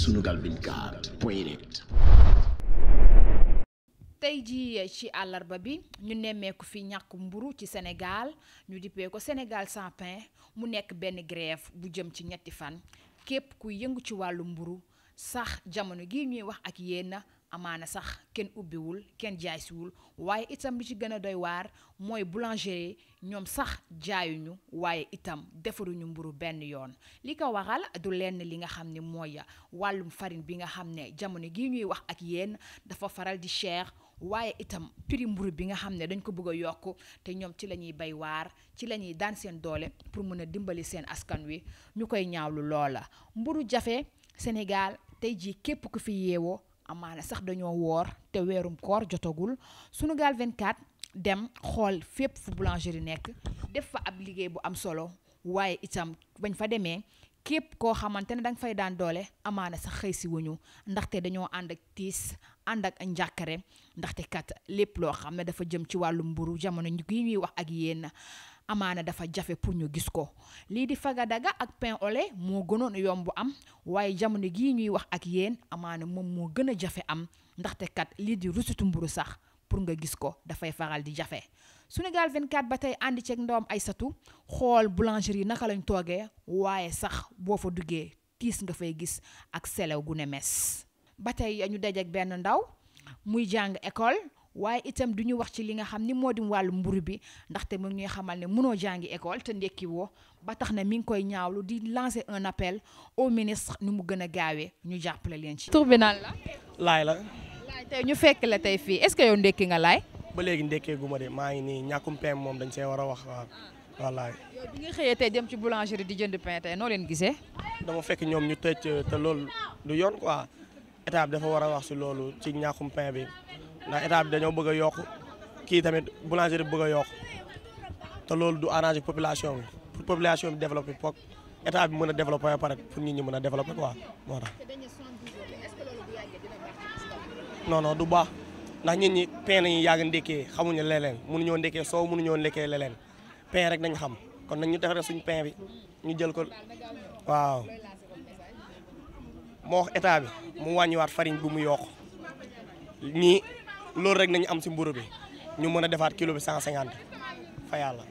Sunugal tey jii ci àllarba bi ñu nemmeeku fi ñàkk mburu ci Sénégal ñu dippee ko Sénégal sans mu nekk benn grève bu jëm ci ñetti fan képp ku yëngu ci wàllu mburu sax jamono gi ñuy wax ak yéen amaana sax kenn ubbiwul kenn jaay siwul waaye itam li ci gën a doy waar mooy boulangerie ñoom sax jaayuñu waaye itam defaruñu mburu benn yoon li ko waxal du lenn li nga xam ne mooy wàllum farine bi nga xam ne jamono gi ñuy wax ak yéen dafa faral di cher waaye itam prix mburu bi nga xam ne dañ ko bëgg a yokk te ñoom ci la ñuy bay waar ci lañuy daan seen doole pour mën a dimbali seen askan wi ñu koy ñaawlu loola mburu jafe Sénégal tey jii képp ku fi yeewoo amaana sax dañoo woor te weerum koor jotagul Sunugal 24 dem xool fépp fu boulangerie nekk def fa ab liggéey bu am solo waaye itam bañ fa demee képp koo xamante ne danga fay daan doole amaana sax xëy si wuñu ndaxte dañoo ànd ak tiis ànd ak njàkkare ndaxte kat lépp loo xam ne dafa jëm ci wàllu mburu jamono gi ñuy wax ak yéen amaana dafa jafe pour ñu gis ko lii di faga daga ak pain au lait moo gënoon yomb am waaye jamono gii ñuy wax ak yéen amaana moom moo gën a jafe am ndaxte kat lii di rusitu mburu sax pour nga gis ko dafay faral di jafe. su Sunugal 24 ba tey àndi ceeg ay satu xool boulangerie naka lañ toogee waaye sax boo fa duggee tiis nga fay gis ak selew gu ne mes ba tey ñu dajeeg benn ndaw muy jàng école. waaye itam du ñu wax ci li nga xam ni moo di wàllu mburu bi ndaxte mu ngi xamal ne mënoo jàngi école te ndekki woo ba tax na mi ngi koy ñaaw lu di lancer un appel au ministre ni mu gën a gaawee ñu jàppale leen ci. tur bi laay la. laay tey ñu fekk la tey fii est-ce que yow ndekki nga laay. ba léegi ndekkee gu de maa ngi nii ñàkkum pain moom dañ see war a wax waaw wallaay. yow bi nga xëyee tey jëm ci boulangerie di jënd pain tey noo leen gisee. dama fekk ñoom ñu tëj te loolu du yoon quoi dafa war a wax si loolu ci ñàkkum pain bi ndax état bi dañoo bëgg a yokk kii tamit boulangerie bi bëgg a yokk te loolu du arranger population bi pour population bi développer foog état bi mën a développer ba pour nit ñi mën a développer quoi moo tax. non du baax ndax nit ñi pain nañu yàgg ndekkee xamuñu leneen mënuñoo ndekkee soow mënuñoo ndekkee leneen pain rek nañ xam kon nañ ñu defaree suñu pain bi ñu jël ko waaw. mu wàññiwaat farine bi mu yokk ñii. loolu rek nañu am si mburu bi ñu mën a defaat kilo bi 150 fa yàlla.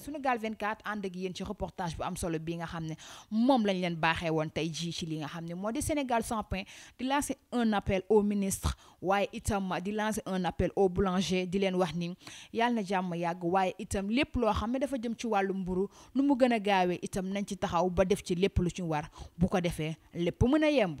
Sunugal 24 ànd ak yéen ci reportage bu am solo bi nga xam ne moom lañ leen baaxee woon tey jii ci li nga xam ne moo di Sénégal sans pain di lancer un appel au ministre waaye itam di lancer un appel au boulanger di leen wax ni yàlla na jàmm yàgg waaye itam lépp loo xam ne dafa jëm ci wàllu mburu nu mu gën a gaawee itam nañ ci taxaw ba def ci lépp lu ci war bu ko defee lépp mën a yemb.